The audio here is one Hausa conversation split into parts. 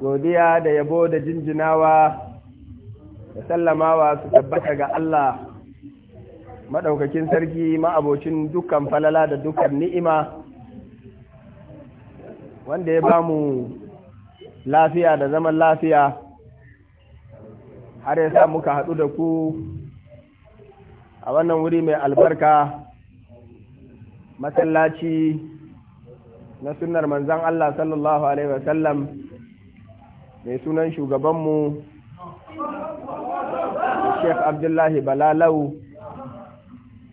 godiya da yabo da jinjinawa da sallamawa su tabbata ga Allah maɗaukakin sarki ma'abocin dukkan falala da dukkan ni'ima wanda ya ba mu lafiya da zaman lafiya har ya sa muka haɗu da ku a wannan wuri mai albarka masallaci na sunnar manzan Allah sallallahu Alaihi wasallam mai sunan shugabanmu Sheikh Abdullahi Balalau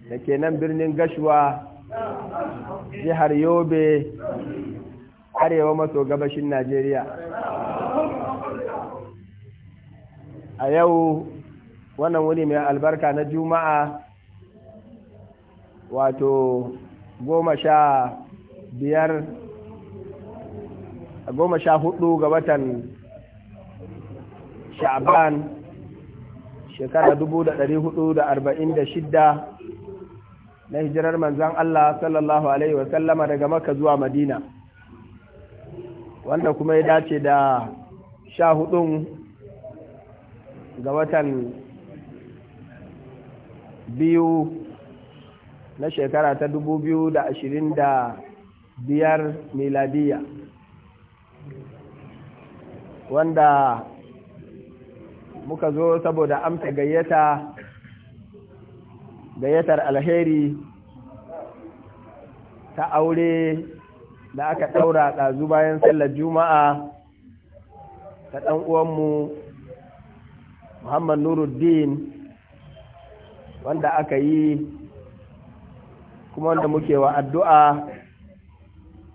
da ke nan birnin Gashuwa jihar Yobe arewa maso gabashin Najeriya. A yau wannan wuni mai albarka na Juma'a wato goma sha biyar goma sha hudu ga watan sha'ban shekara dubu da dari hudu da arba'in da shidda na hijirar manzan Allah sallallahu Alaihi wasallama daga maka zuwa madina wanda kuma ya dace da sha hudun ga watan biyu na shekara ta dubu biyu da ashirin da biyar miladiya wanda muka zo saboda amsa gayyata gayyatar alheri ta aure da aka ɗaura ɗazu bayan sallar juma'a ta ɗan uwanmu muhammad nuruddin wanda aka yi kuma wanda muke wa addu'a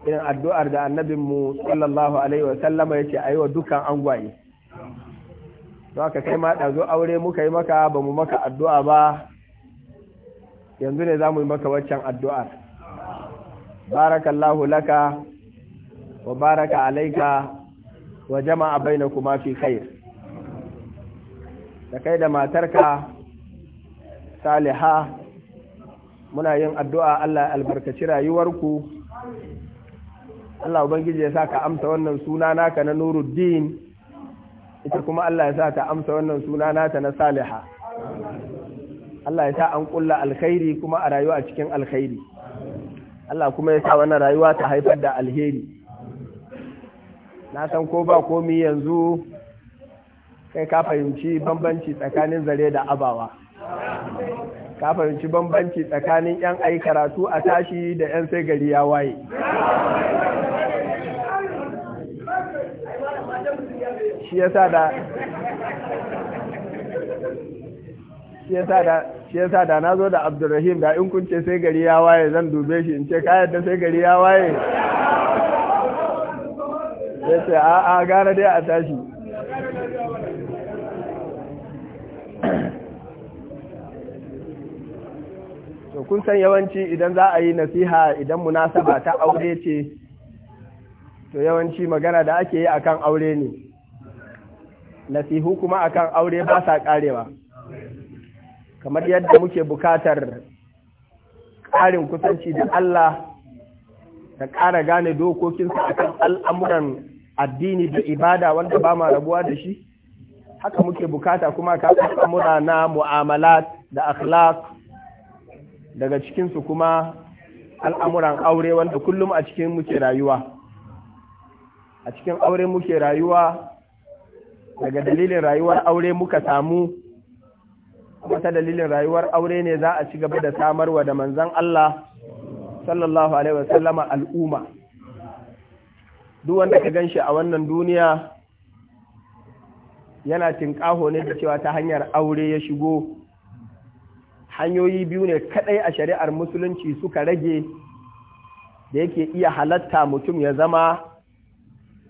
irin addu'ar da annabinmu sallallahu alaihi wasallama ya ce a yi wa dukkan angwaye za ka kai ma ɗazo aure muka yi maka ba mu maka addu'a ba yanzu ne za mu yi maka waccan addu'ar barakallahu laka wa baraka alaika wa jama'a baina kuma fi khair da kai da matarka saliha muna yin addu'a Allah albarkaci rayuwarku Allah ubangiji ya sa ka amsa wannan suna naka na Nuruddin ita kuma Allah ya sa ta amsa wannan suna nata na Saliha Allah ya sa an kulla alkhairi kuma a rayuwa cikin alkhairi Allah kuma ya sa wannan rayuwa ta haifar da alheri na san ko ba komi yanzu kai ka fahimci bambanci tsakanin zare da abawa ka fahimci bambanci tsakanin 'yan ayi karatu a tashi da 'yan sai gari ya waye shi sa da shi ya sa da na zo da abdurrahim da in kun ce sai gari ya waye zan dube shi in ce ka yadda sai gari ya waye ya ce a a gara dai a tashi to kun san yawanci idan za a yi nasiha idan munasaba ta aure ce to yawanci magana da ake yi akan aure ne nasihu kuma akan aure ba sa karewa kamar yadda muke bukatar ƙarin kusanci da Allah da ƙara gane dokokinsa akan al'amuran addini da ibada wanda ba ma rabuwa da shi haka muke bukata kuma ka al'amura na mu'amalat da akhlaq daga cikinsu kuma al'amuran aure wanda kullum a cikin muke rayuwa a cikin aure muke rayuwa daga dalilin rayuwar aure muka samu kuma dalilin rayuwar aure ne za a ci gaba da samarwa da manzan Allah sallallahu alaihi wasallama al'umma duk wanda ka gan shi a wannan duniya yana tinƙaho ne da cewa ta hanyar aure ya shigo hanyoyi biyu ne kaɗai a shari'ar musulunci suka rage da yake iya halatta mutum ya zama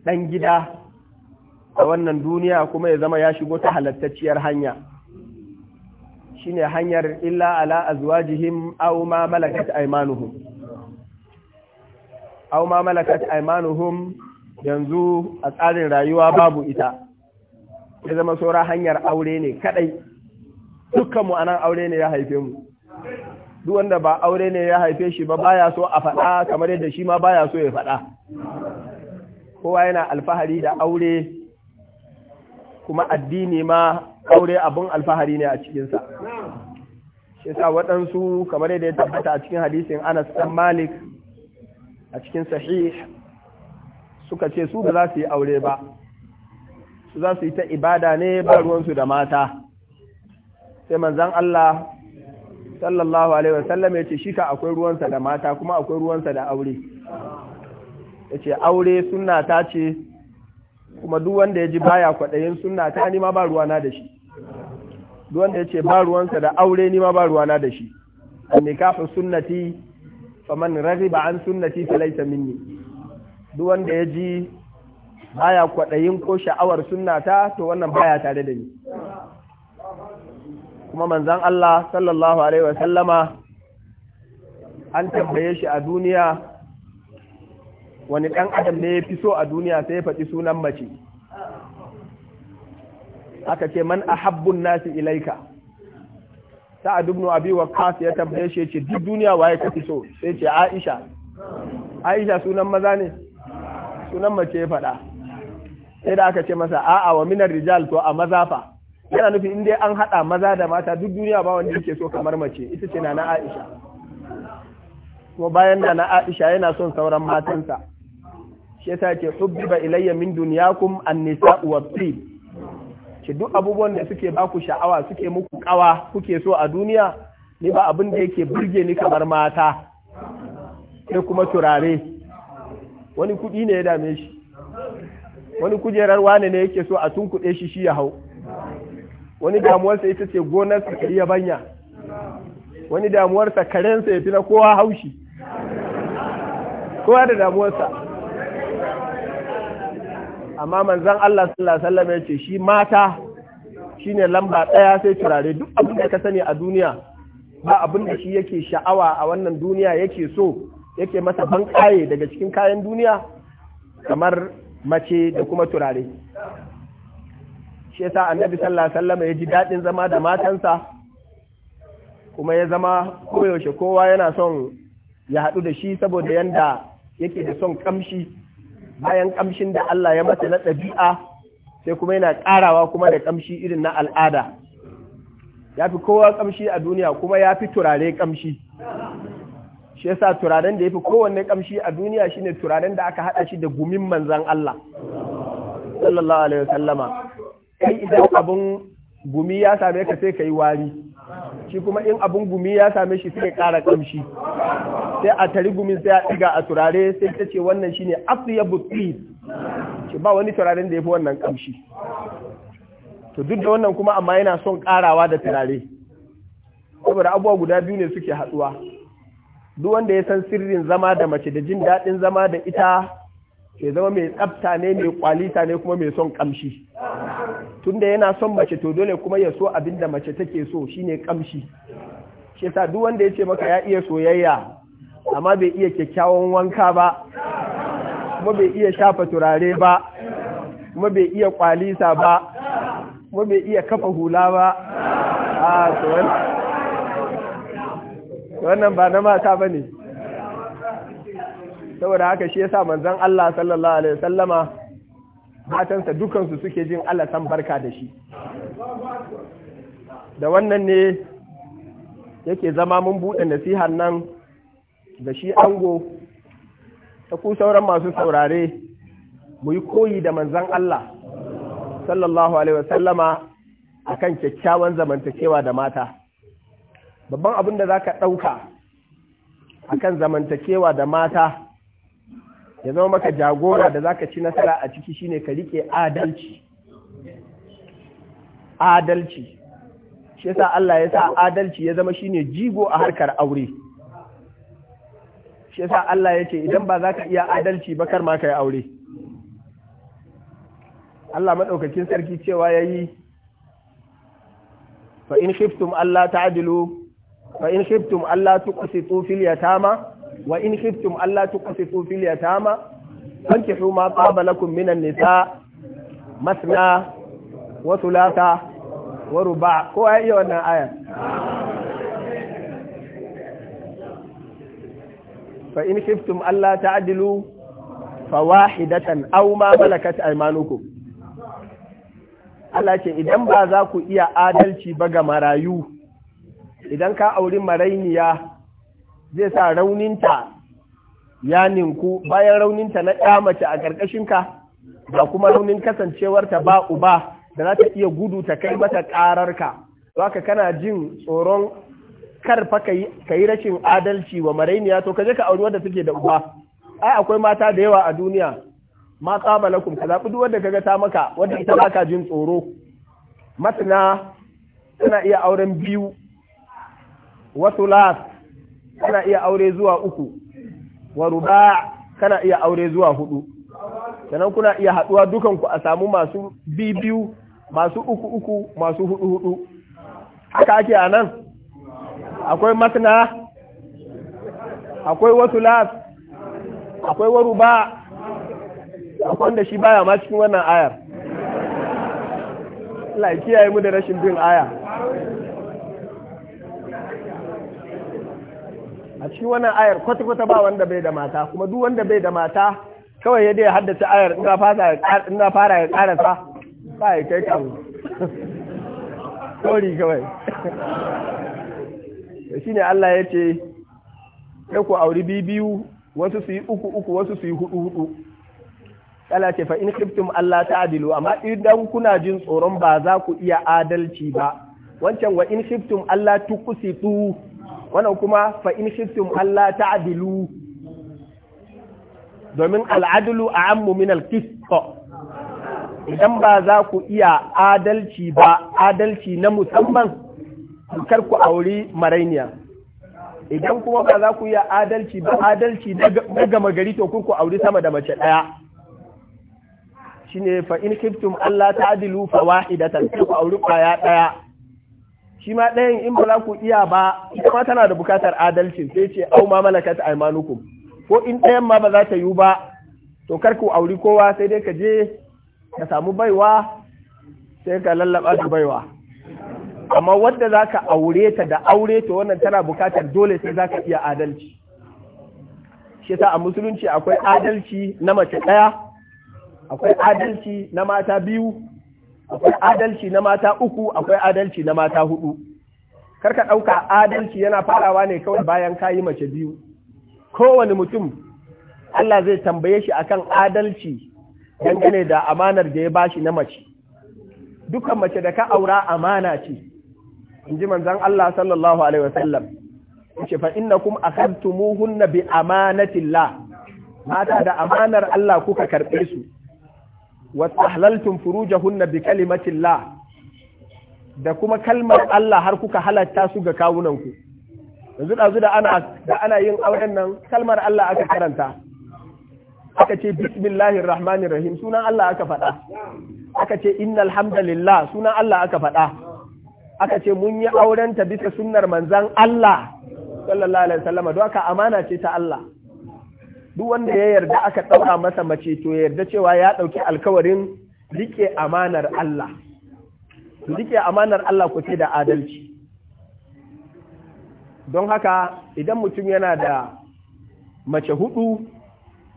ɗan gida a wannan duniya kuma ya zama ya shigo ta halattacciyar hanya shine hanyar illa ala azwajihim aw ma malakat aymanuhum aw ma malakat aymanuhum yanzu a tsarin rayuwa babu ita ya zama saura hanyar aure ne kadai dukkan mu anan aure ne ya haife mu duk wanda ba aure ne ya haife shi ba baya so a faɗa kamar yadda shi ma baya so ya faɗa kowa yana alfahari da aure kuma addini ma aure abin alfahari ne a cikinsa shi sa waɗansu kamar yadda ya tabbata a cikin hadisin anas ɗan malik a cikin sahih suka ce su ba za su yi aure ba su za su yi ta ibada ne ba ruwansu da mata sai manzan Allah sallallahu alaihi wasallam ya ce shi ka akwai ruwansa da mata kuma akwai ruwansa da aure ya ce aure suna ta ce kuma duk wanda ya ji baya kwaɗayin sunna ta ni ma ba ruwana da shi duk wanda ya ce ba ruwansa da aure ni ma ba ruwana da shi nikahu sunnati rari raghiba an sunnati falaysa minni duk wanda ya ji baya kwaɗayin ko sha'awar sunnata to wannan baya tare da ni kuma manzon Allah sallallahu alaihi wasallama an tambaye shi a duniya wani ɗan adam ne ya fi so a duniya sai ya faɗi sunan mace aka ce man a habbun nasi ilaika a dubnu abi waqqas ya tambaye shi ce duk duniya waye ka fi so sai ce aisha aisha sunan maza ne sunan mace ya faɗa sai da aka ce masa a'a wa minar rijal to a maza fa yana nufin in dai an haɗa maza da mata duk duniya ba wanda yake so kamar mace ita ce na na aisha kuma bayan na na aisha yana son sauran matansa shi yasa ce hubbiba ilayya min dunyakum an-nisa'u wat-tib ce duk abubuwan da suke baku sha'awa suke muku kawa kuke so a duniya ni ba abin da yake burge ni kamar mata sai kuma turare wani kuɗi ne ya dame shi wani kujerar wane ne yake so a tunkuɗe shi shi ya hau wani damuwarsa ita ce sa ta iya banya wani damuwarsa karensa ya fi na kowa haushi kowa da damuwarsa amma manzan Allah sallallahu alaihi wasallam ya ce shi mata shine lamba ɗaya sai turare duk abin da ka sani a duniya ba abin da shi yake sha'awa a wannan duniya yake so yake masa ban kaye daga cikin kayan duniya kamar mace da kuma turare shi yasa annabi sallallahu alaihi wasallam ya ji daɗin zama da matansa kuma ya zama koyaushe kowa yana son ya haɗu da shi saboda yanda yake da son kamshi bayan kamshin da Allah ya mata na ɗabi'a sai kuma yana ƙarawa kuma da kamshi irin na al'ada ya fi kowa kamshi a duniya kuma ya fi turare kamshi shi yasa turaren da ya fi kowanne kamshi a duniya shine turaren da aka haɗa shi da gumin manzan Allah sallallahu alaihi wasallama kai idan abin gumi ya same ka sai ka yi wari shi kuma in abin gumi ya same shi suke ƙara kamshi sai a tari gumin sai a ɗiga a turare sai ta ce wannan shi shine asiyabu ya shi ba wani turaren da ya fi wannan kamshi to duk da wannan kuma amma yana son ƙarawa da turare saboda abubuwa guda biyu ne suke haɗuwa duk wanda ya san sirrin zama da mace da jin daɗin zama da ita ke zama mai tsafta ne mai kwalita ne kuma mai son kamshi tunda yana son mace to dole kuma ya so abin da mace take so shine kamshi shi yasa duk wanda ya ce maka ya iya soyayya amma bai iya kyakkyawan wanka ba kuma bai iya shafa turare ba kuma bai iya kwalisa ba kuma bai iya kafa hula ba a wannan ba na mata ba ne saboda haka shi yasa manzon Allah sallallahu alaihi wasallama matansa dukansu suke jin Allah san barka da shi da wannan ne yake zama mun buɗe nasihar nan da shi ango ta ku sauran masu saurare mu yi koyi da manzon Allah sallallahu alaihi wasallama a kyakkyawan zamantakewa da mata babban abin da za ka ɗauka a kan zamantakewa da mata ya zama maka jagora da zaka ci nasara a ciki shine ka rike adalci adalci shi yasa Allah ya sa adalci ya zama shine jigo a harkar aure shi yasa Allah ya ce idan ba za ka iya adalci ba kar ma ka yi aure Allah madaukakin sarki cewa yayi yi fa in khiftum Allah ta'dilu fa in khiftum Allah tuqsitu fil yatama wa in khiftum alla tuqsitu fil yatama fankihu ma qaba lakum minan nisa masna wa thulatha wa ruba ko ayi wannan aya fa in khiftum alla ta'dilu fawahidatan aw ma malakat aymanukum Allah ce idan ba za ku iya adalci ba ga marayu idan ka auri marainiya zai sa rauninta ya ninku bayan rauninta na ɗa mace a ƙarƙashinka ba kuma raunin kasancewarta ba uba da za ta iya gudu ta kai mata ƙararka ka kana jin tsoron karfa ka yi rashin adalci wa marainiya to ka je ka auri wadda take da uba ai akwai mata da yawa a duniya ma tsaba ka zaɓi duk wadda kaga ta maka wadda ita ba ka jin tsoro masana tana iya auren biyu wasu las kana iya aure zuwa uku wa ruba kana iya aure zuwa hudu sannan kuna iya haduwa dukanku a samu masu biyu masu uku uku masu hudu hudu haka ake a nan akwai masna akwai wasu las akwai wa ruba akwai wanda shi baya ma cikin wannan ayar Allah ya kiyaye mu da rashin bin aya a cikin wannan ayar kwata-kwata ba wanda bai da mata kuma duk wanda bai da mata kawai ya dai haddace ayar in na fara ya karasa ba ya kai kan tori kawai shi ne Allah ya ce ya ku auri biyu wasu su yi uku uku wasu su yi hudu hudu Allah ce fa in khiftum Allah ta'dilu amma idan kuna jin tsoron ba za ku iya adalci ba wancan wa in khiftum Allah tuqsitu wannan kuma fa in shittum Allah ta'dilu domin al'adulu a'ammu min al-qisqa idan ba za ku iya adalci ba adalci na musamman kar ku auri marainiya idan kuma ba za ku iya adalci ba adalci na gama gari to ku auri sama da mace ɗaya shine fa in shittum alla ta'dilu wahidatan ku auri kwaya ɗaya shi ma ɗayan in ba za ku iya ba ita ma tana da bukatar adalcin sai ce au ma malakat aymanukum ko in ɗayan ma ba za ta yi ba to kar ku auri kowa sai dai ka je ka samu baiwa sai ka lallaba da baiwa amma wadda za ka aure ta da aure to wannan tana bukatar dole sai za ka iya adalci shi ta a musulunci akwai adalci na mace ɗaya akwai adalci na mata biyu akwai adalci na mata uku akwai adalci na mata hudu karka ɗauka adalci yana farawa ne kawai bayan kayi mace biyu kowane mutum Allah zai tambaye shi akan adalci dangane da amanar da ya bashi na mace dukan mace da ka aura amana ce in ji manzan Allah sallallahu alaihi wasallam ce fa innakum akhadtumuhunna bi amanatillah mata da amanar Allah kuka karɓe su wastahlaltum furujahunna bi kalimatillah da kuma kalmar Allah har kuka halatta su ga kawunanku yanzu ɗazu da ana da ana yin auren nan kalmar Allah aka karanta aka ce bismillahir rahmanir rahim sunan Allah aka faɗa aka ce innal hamdalillah sunan Allah aka faɗa aka ce mun yi auren ta bisa sunnar manzan Allah sallallahu alaihi wasallam don haka amana ce ta Allah duk wanda ya yarda aka ɗauka masa mace to ya yarda cewa ya ɗauki alkawarin rike amanar Allah rike amanar Allah ku ce da adalci don haka idan mutum yana da mace hudu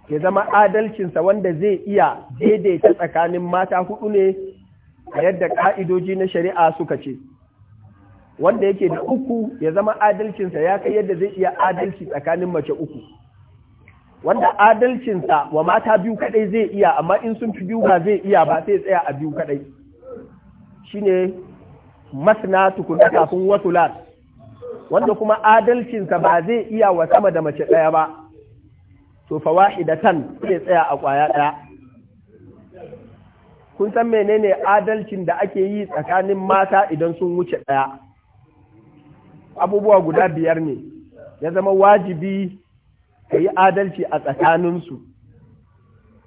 ya zama adalcinsa wanda zai iya daidaita tsakanin mata hudu ne a yadda ka'idoji na shari'a suka ce wanda yake da uku ya zama adalcinsa ya kai yadda zai iya adalci tsakanin mace uku wanda adalcinsa wa mata biyu kadai zai iya amma in sun fi biyu ba zai iya ba sai tsaya a biyu kadai shine masna tukuna kafin wasu lar. wanda kuma adalcinsa ba zai iya wa sama da mace ɗaya ba to fa wahidatan zai tsaya a kwaya ɗaya kun san menene adalcin da ake yi tsakanin mata idan sun wuce ɗaya abubuwa guda biyar ne ya zama wajibi ka yi adalci a tsakaninsu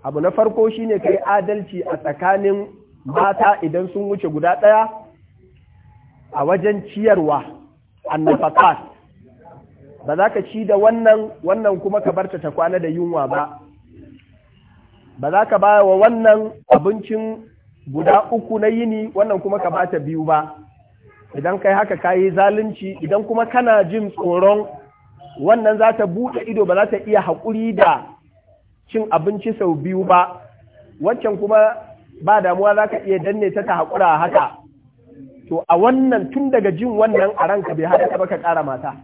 abu na farko shine ka yi adalci a tsakanin mata idan sun wuce guda ɗaya a wajen ciyarwa annafakat ba za ka ci da wannan wannan kuma ka barta ta kwana da yunwa ba ba za ka ba wa wannan abincin guda uku na yini wannan kuma ka bata biyu ba idan kai haka ka yi zalunci idan kuma kana jin tsoron wannan za ta buɗe ido ba za ta iya haƙuri da cin abinci sau biyu ba waccan kuma ba damuwa za ka iya danne ta ta haƙura haka to a wannan tun daga jin wannan a ranka bai haɗa ba ka ƙara mata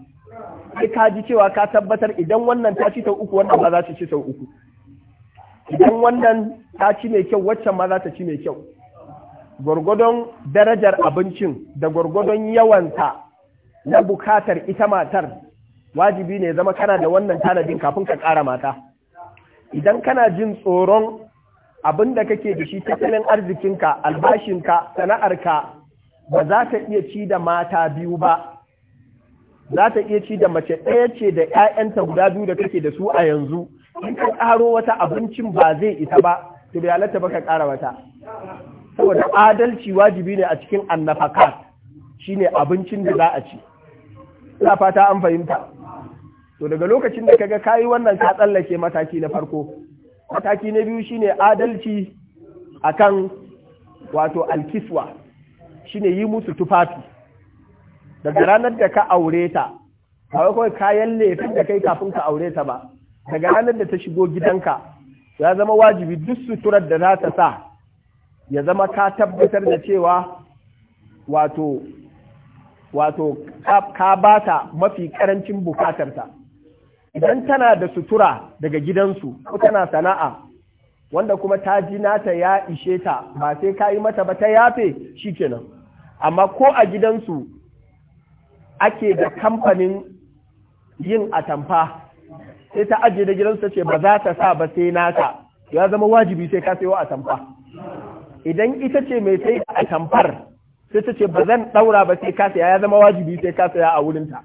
sai ka ji cewa ka tabbatar idan wannan ta ci sau uku wannan ba za ta ci sau uku idan wannan ta ci mai kyau waccan ma za ta ci mai kyau gwargwadon darajar abincin da gwargwadon yawanta na bukatar ita matar wajibi ne zama kana da wannan tanadin kafin ka ƙara mata idan kana jin tsoron abin da kake da shi tattalin arzikinka albashinka sana'arka ba za ta iya ci da mata biyu ba za ta iya ci da mace ɗaya ce da 'ya'yanta guda biyu da kake da su a yanzu in ka ƙaro wata abincin ba zai isa ba to da yalata ba ka ƙara wata saboda adalci wajibi ne a cikin annafakat shine abincin da za a ci ina fata an fahimta to daga lokacin da kaga kayi wannan ka tsallake mataki na farko mataki na biyu shine adalci akan wato alkiswa shine yi musu tufafi daga ranar da ka aure ta ba kawai kayan laifin da kai kafin ka aure ta ba daga ranar da ta shigo gidanka ya zama wajibi duk suturar da za ta sa ya zama ka tabbatar da cewa wato wato ka ba ta mafi karancin bukatarta idan tana da sutura daga gidansu ko tana sana'a wanda kuma ta ji nata ya ishe ta ba sai ka yi mata ba ta yafe shi kenan amma ko a gidansu ake da kamfanin yin atamfa sai ta ajiye da gidansu ta ce ba za ta sa ba sai nata ya zama wajibi sai ka sayo atamfa idan ita ce mai sai atamfar sai ta ce ba zan daura ba sai ka saya ya zama wajibi sai ka saya a wurinta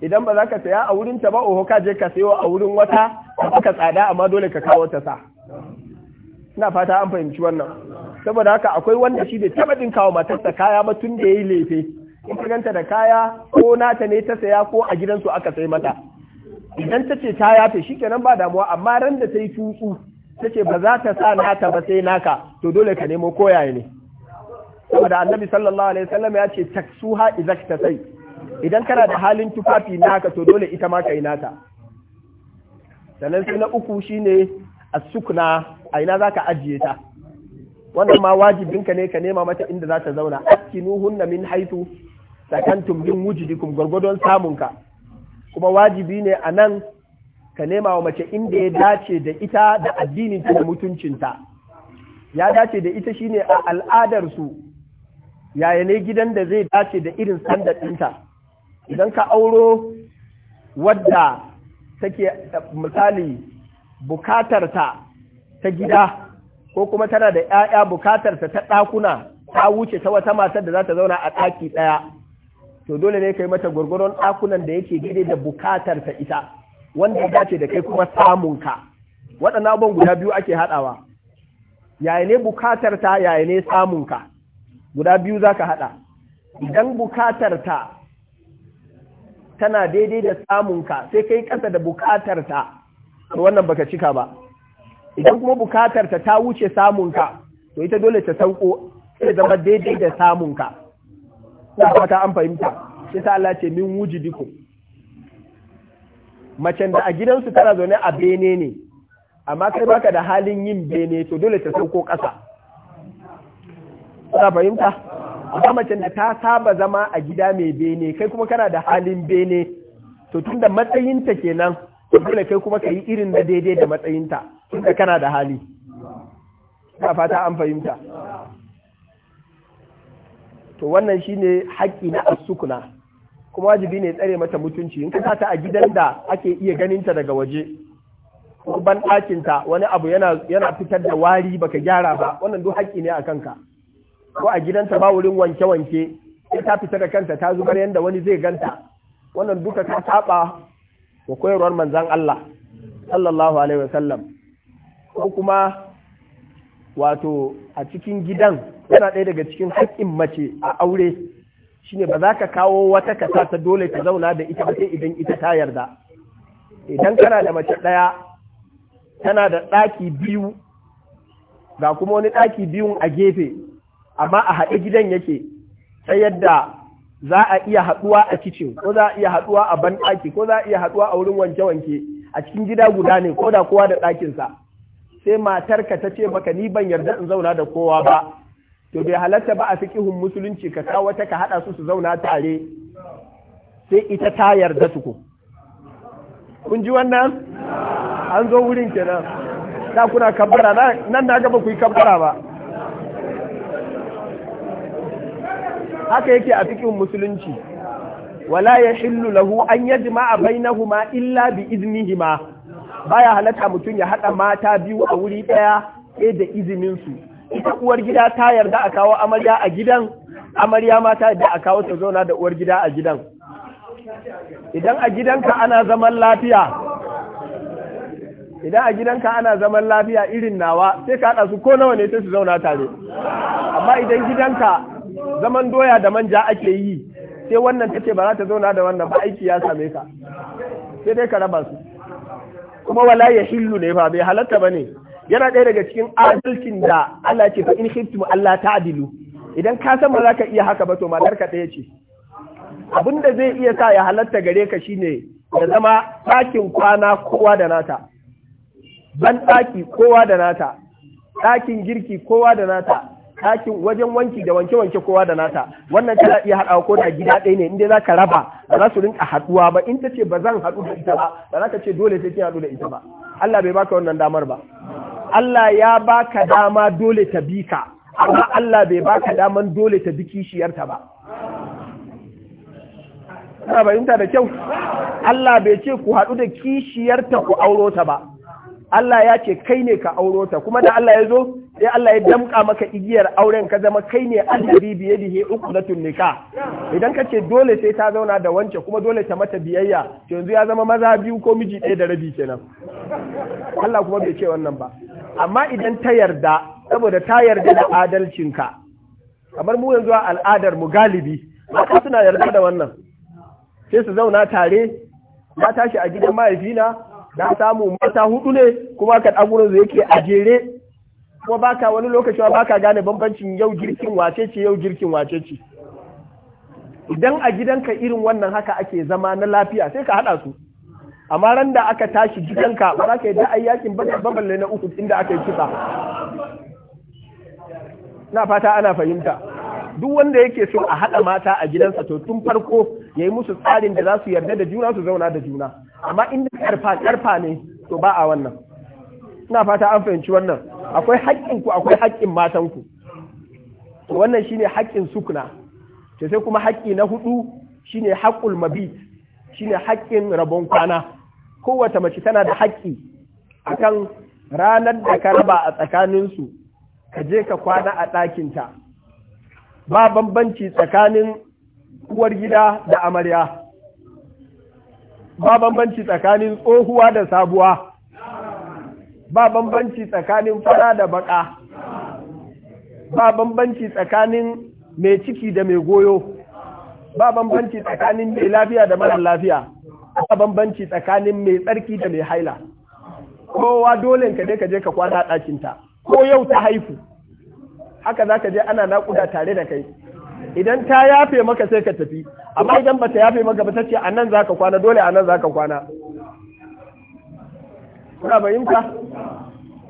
idan ba za ka saya a wurin ta ba oho ka je ka sayo a wurin wata ka tsada amma dole ka kawo ta sa ina fata an fahimci wannan saboda haka akwai wanda shi da taba din kawo matarsa kaya ba tun da yayi lefe in ka da kaya ko nata ne ta saya ko a gidansu aka sai mata idan ta ce ta yafe shikenan ba damuwa amma ran da ta yi tutsu ta ce ba za ta sa nata ba sai naka to dole ka nemo koyaye ne saboda annabi sallallahu alaihi wasallam ya ce taksuha idza sai. idan kana da halin tufafi naka to dole ita ma kai nata sannan sai na uku shine a sukna a ina zaka ajiye ta wannan ma wajibinka ne ka nema mata inda za ta zauna askinuhunna min haitu sakantum min wujudikum gwargwadon samunka kuma wajibi ne a nan ka nema wa mace inda ya dace da ita da addininta da mutuncinta ya dace da ita shine a al'adarsu yaya ne gidan da zai dace da irin standard ɗinta idan ka auro wadda take misali bukatarta ta gida ko kuma tana da 'ya'ya bukatarta ta ɗakuna ta wuce ta wata matar da za ta zauna a ɗaki ɗaya to dole ne ka yi mata gwargwaron ɗakunan da yake gide da bukatarta ita wanda ya dace da kai kuma samunka waɗannan abubuwan guda biyu ake haɗawa yaya ne bukatarta yaya ne samunka guda biyu za ka haɗa idan bukatarta tana daidai da samunka sai kai ƙasa da bukatarta wannan baka cika ba idan kuma bukatarta ta wuce samunka to ita dole ta sauko sai zama daidai da samunka ina fata an fahimta sai ta Allah ce min wujidiku macen da a gidansu tana zaune a bene ne amma kai baka da halin yin bene to dole ta sauko ƙasa Kana fahimta amma macen da ta saba zama a gida mai bene kai kuma kana da halin bene to tunda matsayinta kenan dole kai kuma ka yi irin na daidai da matsayinta tunda kana da hali ta fata an fahimta to wannan shine haƙƙi na asukuna kuma wajibi ne tsare mata mutunci in ka sa ta a gidan da ake iya ganin ta daga waje ko ban ɗakinta wani abu yana fitar da wari baka gyara ba wannan duk haƙƙi ne a kanka ko a gidanta ba wurin wanke-wanke sai ta fita da kanta ta zubar yadda wani zai ganta wannan duka ta saba wa koyarwar manzan Allah sallallahu alaihi wasallam ko kuma wato a cikin gidan yana ɗaya daga cikin haƙƙin mace a aure shine ba za ka kawo wata kasa ta dole ta zauna da ita ba sai idan ita ta yarda idan kana da mace ɗaya tana da ɗaki biyu ga kuma wani ɗaki biyun a gefe amma a haɗe gidan yake ta yadda za a iya haɗuwa a kicin ko za a iya haɗuwa a banɗaki ko za a iya haɗuwa a wurin wanke-wanke a cikin gida guda ne ko da kowa da ɗakinsa sai matar ka ta ce maka ni ban yarda in zauna da kowa ba to bai halatta ba a fiƙihun musulunci ka kawo wata ka haɗa su su zauna tare sai ita ta yarda tuku kun ji wannan an zo wurin kenan da kuna kabbara nan na gaba ku yi kabbara ba haka yake a cikin musulunci wala ya shillu lahu an yajma'a bainahuma illa bi iznihima baya halatta mutum ya haɗa mata biyu a wuri ɗaya sai da izinin su ita uwar gida ta yarda a kawo amarya a gidan amarya ma ta yarda a kawo ta zauna da uwar gida a gidan idan a gidanka ana zaman lafiya idan a gidanka ana zaman lafiya irin nawa sai ka haɗa su ko nawa ne sai su zauna tare amma idan gidanka zaman doya da manja ake yi sai wannan ta ba za ta zauna da wannan ba aiki ya same ka sai dai ka raba su kuma wala ya hillu ne fa bai halatta ba ne yana ɗaya daga cikin adalcin da Allah ce fa in khiftum Allah ta'dilu idan ka san ba za ka iya haka ba to matar ka ɗaya ce abin da zai iya sa ya halatta gare ka shine da zama ɗakin kwana kowa da nata ban ɗaki kowa da nata ɗakin girki kowa da nata ɗakin wajen wanki da wanke-wanke kowa da nata wannan tana iya haɗawa ko da gida ɗaya ne inda za ka raba ba za su rinka haɗuwa ba in ta ce ba zan haɗu da ita ba ba za ka ce dole sai kin haɗu da ita ba Allah bai baka wannan damar ba Allah ya baka dama dole ta bi ka amma Allah bai baka daman dole ta bi kishiyarta ba fahimta da kyau Allah bai ce ku haɗu da kishiyarta ku auro ta ba Allah ya ce kai ne ka auro ta kuma da Allah ya zo sai Allah ya damƙa maka igiyar auren ka zama kai ne annabi uku uqdatun tunnika. idan ka ce dole sai ta zauna da wance kuma dole ta mata biyayya to yanzu ya zama maza biyu ko miji ɗaya da rabi kenan Allah kuma bai ce wannan ba amma idan ta yarda saboda ta yarda da ka kamar mu yanzu a al'adar mu galibi ba suna yarda da wannan sai su zauna tare mata tashi a gidan mahaifina Na samu mata hudu ne kuma ka ɗagurin zai yake a jere kuma baka wani lokaci ba baka gane bambancin yau girkin wace ce yau girkin wace ce idan a gidanka irin wannan haka ake zama na lafiya sai ka haɗa su amma ran da aka tashi gidanka ba za ka yi da'ai yakin babballe na uku inda aka yi kisa na fata ana fahimta duk wanda yake so a haɗa mata a gidansa to tun farko ya yi musu tsarin da za su yarda da juna su zauna da juna amma inda karfa karfa ne to ba a wannan ina fata an fahimci wannan akwai haƙƙin ku akwai haƙƙin matan ku to wannan shine haƙƙin sukuna to sai kuma haƙƙi na hudu shine haƙul mabit shine haƙƙin rabon kwana kowace mace tana da haƙƙi akan ranar da ka raba a tsakaninsu ka je ka kwana a ɗakinta ba bambanci tsakanin uwar gida da amarya ba bambanci tsakanin tsohuwa da sabuwa ba bambanci tsakanin fara da baka ba bambanci tsakanin mai ciki da mai goyo ba bambanci tsakanin mai lafiya da mara lafiya ba bambanci tsakanin mai tsarki da mai haila kowa dole ka je ka je ka kwana ɗakinta ko yau ta haifu haka za ka je ana naƙuda tare da kai idan ta yafe maka sai ka tafi amma idan ba ta yafe maka ba ta ce a nan za ka kwana dole a nan za ka kwana kuna fahimta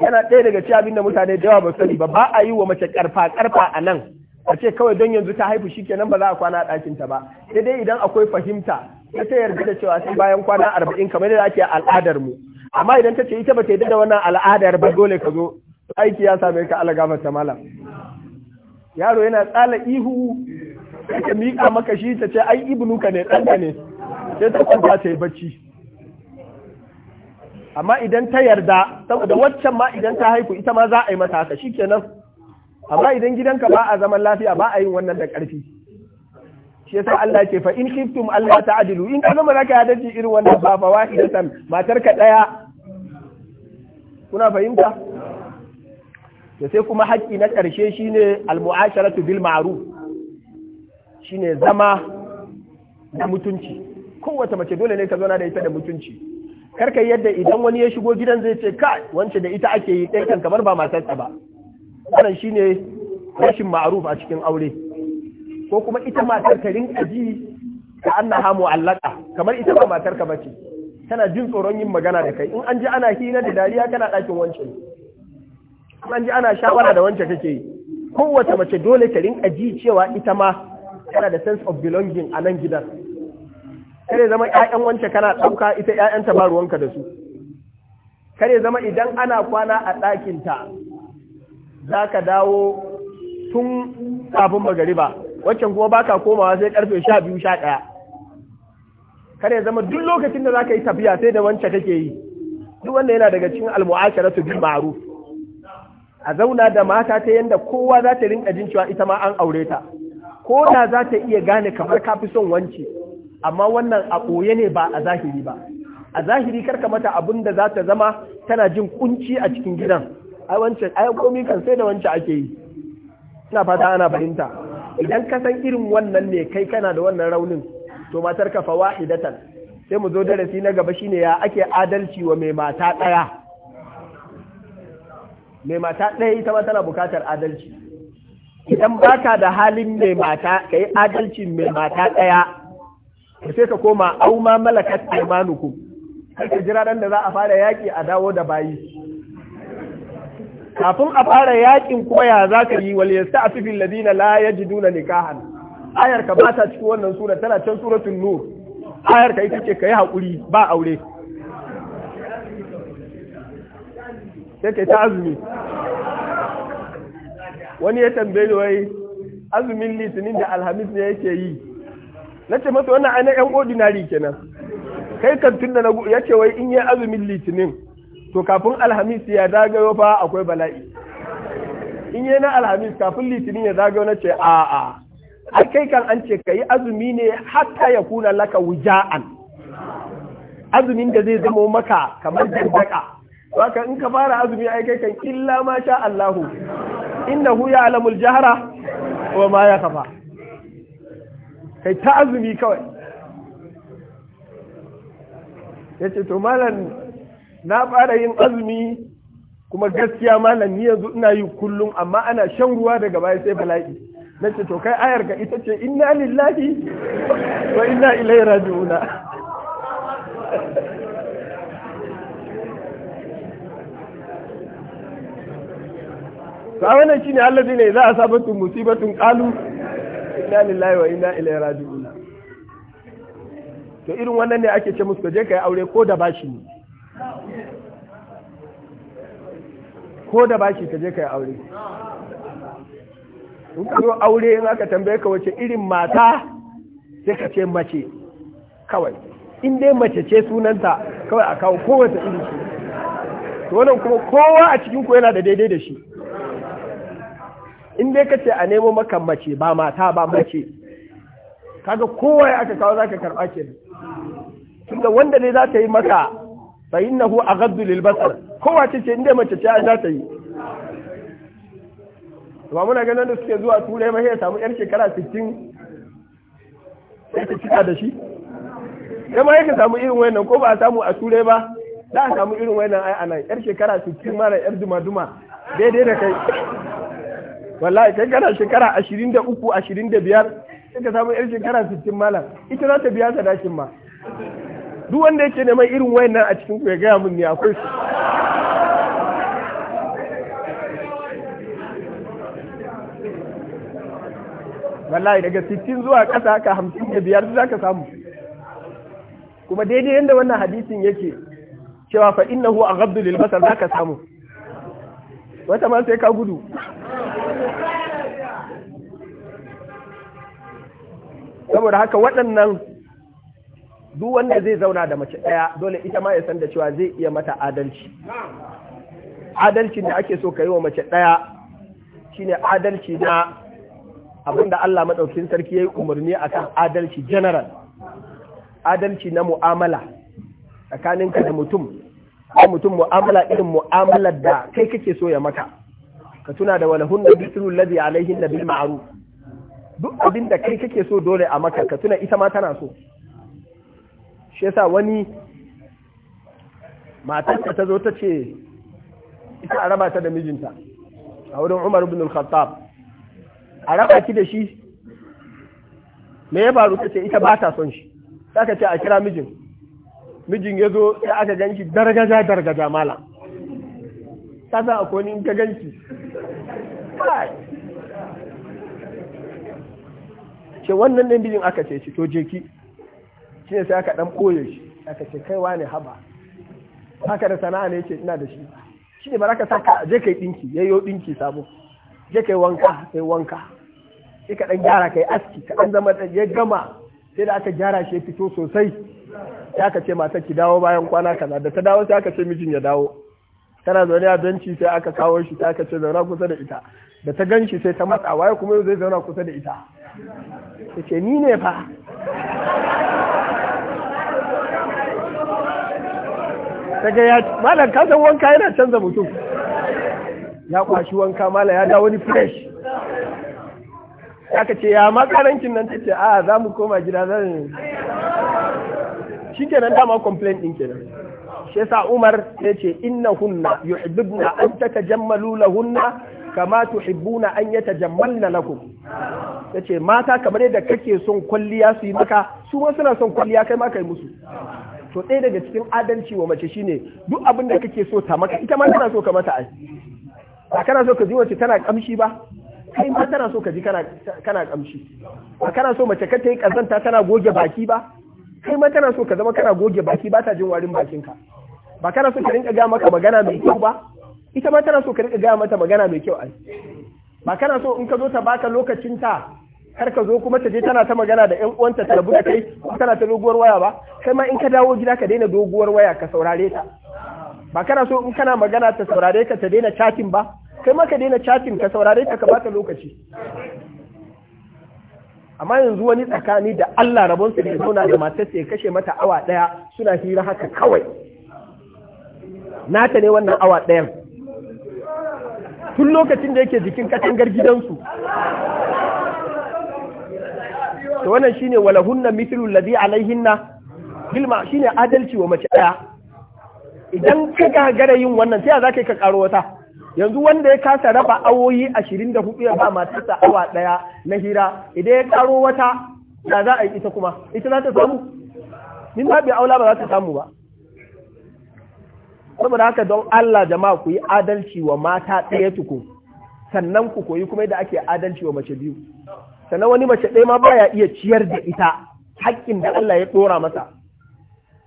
yana ɗaya daga ci abin da mutane da yawa ba sani ba ba a yi wa mace karfa karfa a nan a ce kawai don yanzu ta haifu shi kenan ba za a kwana a ɗakinta ba sai dai idan akwai fahimta ta ta yarda da cewa sai bayan kwana arba'in kamar yadda ake al'adar mu amma idan ta ce ita ba ta yarda da wannan al'adar ba dole ka zo aiki ya same ka ala gafarta malam yaro yana tsala ihu ta mika maka shi ta ce ai ka ne ɗanka ne sai ta kwanta ta yi bacci amma idan ta yarda saboda waccan ma idan ta haiku ita ma za a yi mata haka shikenan amma idan gidanka ba a zaman lafiya ba a yin wannan da ƙarfi shi yasa Allah ke fa in khiftum Allah ta'dilu in ka zama zaka yadda irin wannan ba fa wahidatan matar ka daya kuna fahimta to sai kuma haƙƙi na ƙarshe shine al-mu'asharatu bil Shi ne zama na mutunci kowace mace dole ne ka zauna da ita da mutunci karka yadda idan wani ya shigo gidan zai ce ka wance da ita ake yi ɗaya kan kamar ba ta ba wannan shi ne rashin maaruf a cikin aure ko kuma ita matar ka rinka ji ka annaha mu'allaka kamar ita ba matar ka bace tana jin tsoron yin magana da kai in an ji ana hira da dariya kana ɗakin wancan an ji ana shawara da wancan kake yi kowace mace dole ta rinka ji cewa ita ma tana da sense of belonging a nan gidan kare zama ƴaƴan wancan kana ɗauka ita ƴaƴanta ba ruwanka da su kare zama idan ana kwana a ɗakinta za ka dawo tun kafin magariba waccan kuma baka komawa sai karfe sha biyu sha ɗaya kare zama duk lokacin da za ka yi tafiya sai da wancan kake yi duk wanda yana daga cikin almu'asharatu bil ma'ruf a zauna da mata ta yanda kowa za ta rinka jin cewa ita ma an aure ta ko da za ta iya gane kamar ka fi son wance amma wannan a ɓoye ne ba a zahiri ba a zahiri karka mata abin da za ta zama tana jin kunci a cikin gidan ai wancan ai komi kan sai da wancan ake yi ina fata ana fahimta idan ka san irin wannan ne kai kana da wannan raunin to matar ka fawahidatan sai mu zo darasi na gaba shine ya ake adalci wa mai mata ɗaya mai mata ɗaya ita ma tana bukatar adalci idan baka da halin mai mata ka yi adalci mai mata ɗaya ka sai ka koma au ma malakat aymanukum kai ka jira da za a fara yaƙi a dawo da bayi kafin a fara yaƙin koya za ka yi wal yasta'fifil ladina la yajiduna nikahan ayar ka ba ta cikin wannan sura tana can suratul nur ayar ka ita ce ka yi haƙuri ba aure sai ta azumi wani ya tambaye wai azumin litinin da alhamis ne yake yi na ce masa wannan ainihin yan ordinary kenan kai kan tun da na ya ce wai in yi azumin litinin to kafin alhamis ya zagayo fa akwai bala'i in yi na alhamis kafin litinin ya zagayo na ce a'a a kai kan an ce ka yi azumi ne hatta ya kuna laka wuja'an azumin da zai zama maka kamar jambaka waka in ka fara azumi ai kai kan illa ma sha Allahu innahu ya'lamul jahra wa ma yakhfa kai ta azumi kawai yace to malam na fara yin azumi kuma gaskiya malam ni yanzu ina yi kullum amma ana shan ruwa daga baya sai bala'i nace to kai ayar ga ita ce inna lillahi wa inna ilaihi raji'una to a wannan shine allazi ne za a sabatu musibatun qalu inna lillahi wa inna ilaihi raji'un to irin wannan ne ake ce musu ka je kai aure ko da bashi ne ko da bashi ka je kai aure in ka zo aure in aka tambaye ka wace irin mata sai ka ce mace kawai in dai mace ce sunanta kawai a kawo kowace irin shi to wannan kuma kowa a cikin ku yana da daidai da shi in dai kace a nemo maka mace ba mata ba mace kaga kowaye aka kawo zaka karba kenan tunda wanda ne za ta yi maka fa innahu aghaddu lil basar kowa ce ce inda mace ce za ta yi ba muna ganin da suke zuwa turai mai ya samu yar shekara 60 sai ta cika da shi sai ma ka samu irin wayannan ko ba a samu a turai ba da a samu irin wayannan ai anan yar shekara 60 mara yar duma duma daidai da kai wallahi kai kana shekara ashirin da uku ashirin da biyar sai ka samu yar shekara sittin malam ita za ta biya sadakin ma duk wanda yake neman irin wayannan a cikin ya gaya mun ne akwai su wallahi daga sittin zuwa ƙasa haka hamsin da biyar za ka samu kuma daidai yadda wannan hadisin yake cewa fa innahu a lil basar za ka samu wata ma sai ka gudu saboda haka waɗannan duk wanda zai zauna da mace ɗaya dole ita ma ya san da cewa zai iya mata adalci adalcin da ake so ka yi wa mace ɗaya shine adalci na abinda Allah maɗaukin sarki ya yi umarni a kan adalci general adalci na mu'amala ka da mutum ko mutum mu'amala irin mu'amalar da kai kake so ya maka ka tuna da walahunna bisrul ladhi alaihin bil ma'ruf duk abin da kai kake so dole a maka ka tuna ita ma tana so shi yasa wani matarsa ta zo ta ce ita a raba ta da mijinta a wurin Umar ibn al-Khattab a raba ki da shi me ya faru ta ce ita ba ta son shi ta ce a kira mijin mijin ya zo sai aka ganki dargaja dargaja mala ta za a koni in ka ganki ce wannan bijin aka ce shi to je ki shi ne sai aka ɗan koye shi aka ce kai ne haba haka da sana'a ne yake ina da shi shi ne ba za ka saka je kai ɗinki, yi yayyo ɗinki sabo je kai wanka kai wanka sai ka ɗan gyara kai aski ka ɗan zama ya gama sai da aka gyara shi ya fito sosai sai aka ce matar ki dawo bayan kwana kaza da ta dawo sai aka ce mijin ya dawo tana zaune a benci sai aka kawo shi ta aka ce zauna kusa da ita da ta gan shi sai ta matsa waye kuma zai zauna kusa da ita ya ce ni ne fa daga ya malam ka wanka yana canza mutum ya kwashi wanka malam ya dawo ni fresh Ya ce ya makarancin nan ta ce a za mu koma gida zan shi kenan dama complaint din kenan shi sa Umar ya ce innahunna yuhibbuna an taka tatajammalu lahunna kama tuhibbuna an yatajammalna lakum yace mata kamar yadda kake son kwalliya su yi maka su ma suna son kwalliya kai ma kai musu to ɗaya daga cikin adalci wa mace shine duk abin da kake so ta maka ita ma tana so ka mata ai ba kana so ka ji wace tana kamshi ba kai ma tana so ka ji kana kana kamshi ba kana so mace ka ta yi kazanta tana goge baki ba kai ma tana so ka zama kana goge baki ba ta jin warin bakinka ba kana so ka rinka ga maka magana mai kyau ba ita ma tana so ka riƙa gaya mata magana mai kyau ai ba kana so in ka zo ta baka lokacin ta kar ka zo kuma ta je tana ta magana da ƴan uwanta ta rabu da kai ko tana ta doguwar waya ba kai ma in ka dawo gida ka daina doguwar waya ka saurare ta ba kana so in kana magana ta saurare ka ta daina chatting ba kai ma ka daina chatting ka saurare ta ka bata lokaci amma yanzu wani tsakani da Allah rabon su ne zauna da matarsa ya kashe mata awa daya suna hira haka kawai Na ta ne wannan awa dayan tun lokacin da yake jikin katangar gidansu to wannan shine walahunna mithlu alladhi alaihinna bilma shine adalci wa mace ɗaya. idan ka gagara yin wannan sai za ka ka karo wata yanzu wanda ya kasa rafa awoyi ashirin da hudu ya ba matarsa awa daya na hira idan ya karo wata da za a yi ita kuma ita za ta samu min babu aula ba za ta samu ba saboda haka don Allah jama'a ku yi adalci wa mata ɗaya tuku sannan ku koyi kuma yadda ake adalci wa mace biyu sannan wani mace ɗaya ma baya iya ciyar da ita haƙƙin da Allah ya ɗora masa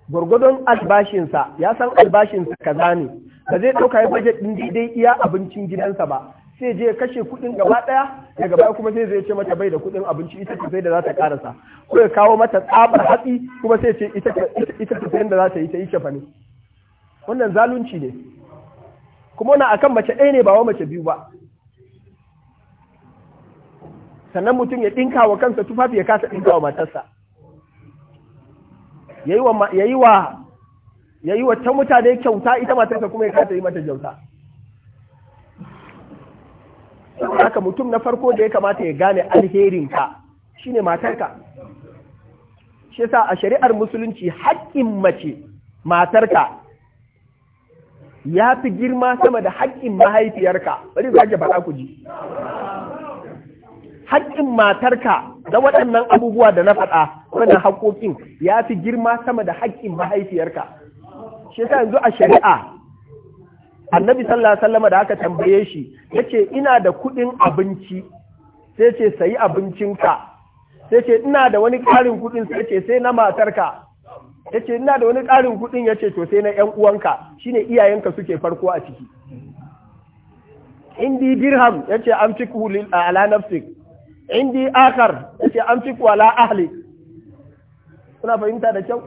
gwargwadon albashinsa ya san albashinsa kaza ne ba zai ɗauka ya baje ɗin daidai iya abincin gidansa ba sai je kashe kuɗin gaba ɗaya daga baya kuma sai zai ce mata bai da kuɗin abinci ita ce sai da za ta karasa ko ya kawo mata tsabar hatsi kuma sai ce ita ce da za ta yi ta yi shafa ne wannan zalunci ne kuma a akan mace ɗaya ne ba wa mace biyu ba sannan mutum ya ɗinka wa kansa tufafi ya kasa ɗinka wa matarsa ya yi wa ya mutane kyauta ita matarsa kuma ya kasa yi mata kyauta haka mutum na farko da ya kamata ya gane alherinka shine matarka shi yasa a shari'ar musulunci haƙƙin mace matarka ya fi girma sama da haƙƙin mahaifiyarka bari za ke faɗa ku ji haƙƙin matarka da waɗannan abubuwa da na faɗa wannan haƙoƙin ya fi girma sama da haƙƙin mahaifiyarka shi yasa yanzu a shari'a annabi sallallahu alaihi wasallam da aka tambaye shi yace ina da kuɗin abinci sai ce sayi abincinka sai ce ina da wani ƙarin kuɗin sai ce sai na matarka yace ina da wani ƙarin kuɗin ya ce to sai na yan uwanka shine iyayenka suke farko a ciki indi dirham yace an fi kuhu ala nafsik indi akhar yace an fi ala ahli kuna fahimta da kyau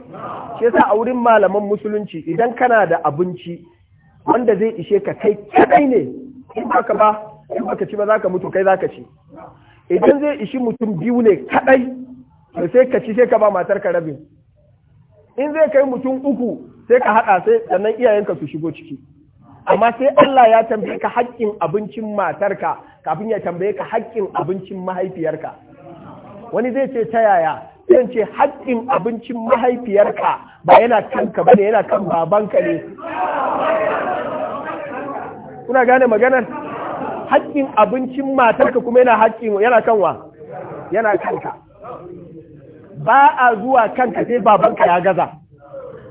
shi yasa a wurin malaman musulunci idan kana da abinci wanda zai ishe ka kai kadai ne in baka ba in baka ci ba zaka mutu kai zaka ci idan zai ishi mutum biyu ne kadai to sai ka ci sai ka ba matar ka rabin in zai kai mutum uku sai ka haɗa sai sannan iyayenka su shigo ciki amma sai Allah ya tambaye ka haƙƙin abincin matarka kafin ya tambaye ka haƙƙin abincin mahaifiyarka wani zai ce ta yaya zan ce haƙƙin abincin mahaifiyarka ba yana kanka ba ne yana kan babanka ne kuna gane maganar haƙƙin abincin matarka kuma yana haƙƙin yana kanwa yana kanka ba a zuwa kanka sai babanka ya gaza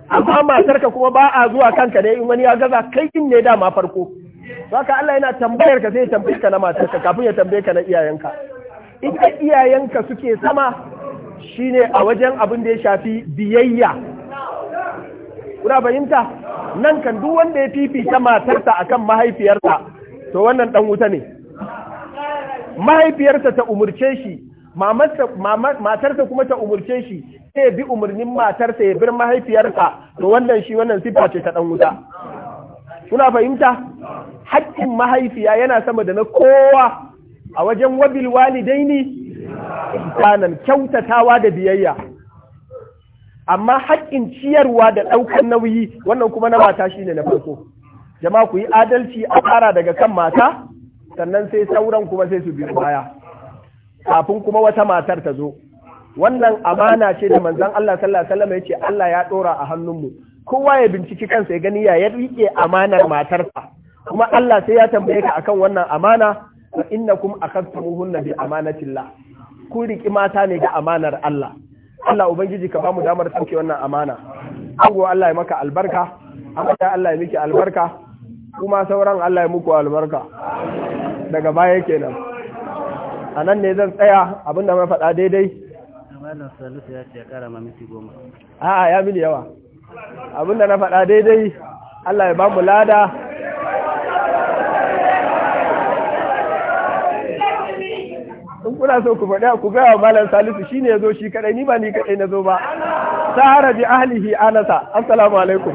amma matarka kuma ba a zuwa kanka ne in wani ya gaza kai in ne dama farko haka Allah yana tambayar ka sai tambaye ka na matarka kafin ya tambaye ka na iyayenka in iyayenka suke sama shine a wajen abin da ya shafi biyayya kuna fahimta nan kan duk wanda ya fifita matarsa akan mahaifiyarsa to wannan dan wuta ne mahaifiyarsa ta umurce shi matarsa kuma ta umurce shi sai bi umarnin matarsa ya bir mahaifiyarsa to wannan shi wannan sifa ce ta dan wuta kuna fahimta haƙƙin mahaifiya yana sama da na kowa a wajen wabil walidaini ihsanan kyautatawa da biyayya amma haƙƙin ciyarwa da ɗaukar nauyi wannan kuma na mata shine na farko jama'a ku yi adalci a ƙara daga kan mata sannan sai sauran kuma sai su biyo baya kafin kuma wata matar ta zo wannan amana ce da manzon Allah sallallahu alaihi wasallam yace Allah ya dora a hannunmu kowa ya binciki kansa ya gani ya ya rike amanar matarsa kuma Allah sai ya tambaye ka akan wannan amana fa innakum akhadtumuhunna bi amanatillah ku riki mata ne ga amanar Allah Allah ubangiji ka bamu damar sauke wannan amana ango Allah ya maka albarka amma Allah ya miki albarka kuma sauran Allah ya muku albarka daga baya kenan a nan ne zan tsaya abinda mai faɗa daidai a'a ya mini yawa abinda na faɗa daidai Allah ya ba mu lada in kuna so ku faɗi ku gaya malam salisu Shi ne ya zo shi kaɗai ni ba ni kaɗai na zo ba sahara bi ahlihi anasa assalamu alaikum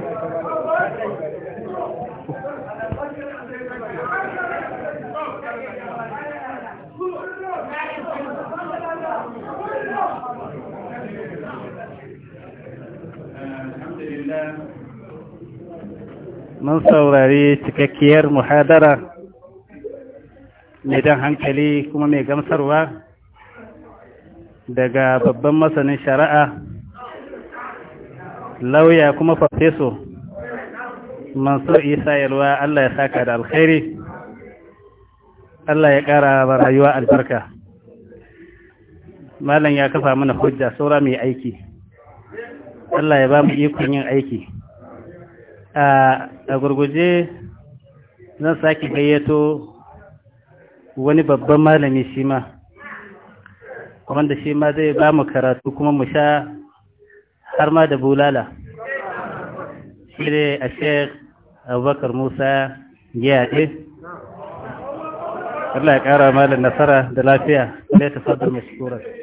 mun saurari cikakkiyar muhadara mai dan hankali kuma mai gamsarwa daga babban masanin shari'a lauya kuma farfeso mansur isa yalwa Allah ya saka da alkhairi Allah ya ƙara rayuwa albarka malam ya kafa mana hujja saura mai aiki Allah ya ba mu ikon yin aiki a gurguje zan sake gayyato wani babban malami shi ma wanda shi ma zai ba mu karatu kuma mu sha har ma da bulala shi ne a sheik abubakar musa yaɗe Allah ya ƙara malin nasara da lafiya ne ta mai shi